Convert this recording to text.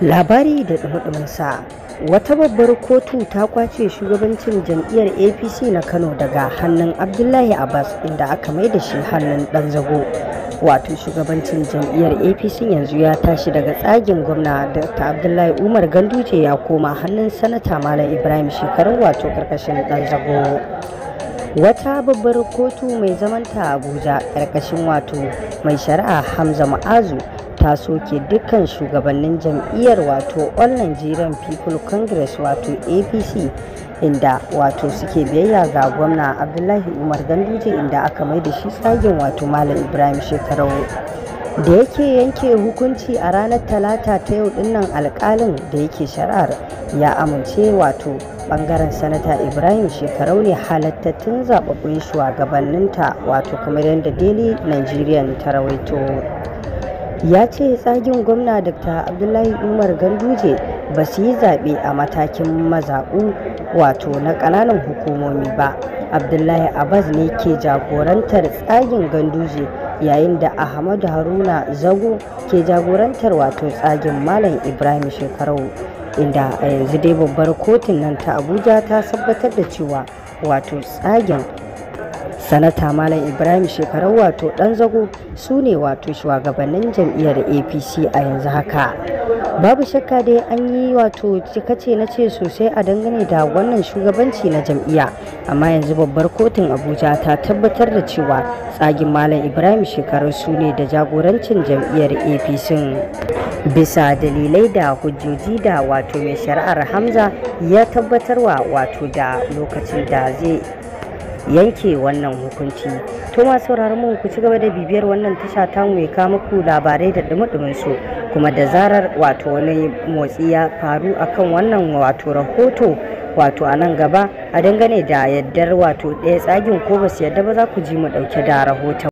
labari da sa wata babbar kotu ta kwace shugabancin jam'iyyar apc na kano daga hannun abdullahi abbas inda aka mai da shi hannun dan zago wato shugabancin jam'iyyar apc yanzu ya tashi daga tsagin gwamna da ta abdullahi umar ganduje ya koma hannun sanata malam ibrahim shekaru wato karkashin dan zago wata babbar kotu mai zamanta abuja karkashin wato mai shari'a hamza ma'azu ta soke dukkan shugabannin jam'iyyar wato all nigerian people congress wato apc inda wato suke biyayya ga gwamna abdullahi umar ganduje inda aka mai da shi tsagin wato malam ibrahim shekarau da yake yanke hukunci a ranar talata ta yau dinnan alkalin da yake shari'ar ya amince wato bangaren sanata ibrahim shekarau ne halattattun zababbun shugabanninta wato kamar yadda daily nigerian ta rawaito ya ce tsagin gwamna dr abdullahi umar ganduje ba su yi zaɓe a matakin mazaɓu wato na ƙananan hukumomi ba abdullahi abbas ne ke jagorantar tsagin ganduje yayin da ahmadu haruna zago ke jagorantar wato tsagin malam ibrahim shekarau inda a yanzu dai babbar kotun nan ta abuja ta tabbatar da cewa wato tsagen sanata malam ibrahim shekarau wato dan zago su ne wato shugabannin jam'iyyar apc a yanzu haka babu shakka dai an yi wato cikace na ce sosai a dangane da wannan shugabanci na jam'iyya amma yanzu babbar kotun abuja ta tabbatar da cewa tsagin malam ibrahim shekarar su ne da jagorancin jam'iyyar apc bisa dalilai da hujjoji da wato mai shari'ar hamza ya tabbatarwa wato da lokacin da zai yanke wannan hukunci to sauraron mu ku ci gaba da bibiyar wannan tasha ta mu ya kawo muku labarai da dumi su kuma da zarar wato wani motsi ya faru akan wannan wato rahoto wato a nan gaba a dangane da yaddar wato ɗaya tsagin ko ba su yadda ba za ku ji mu ɗauke da rahoton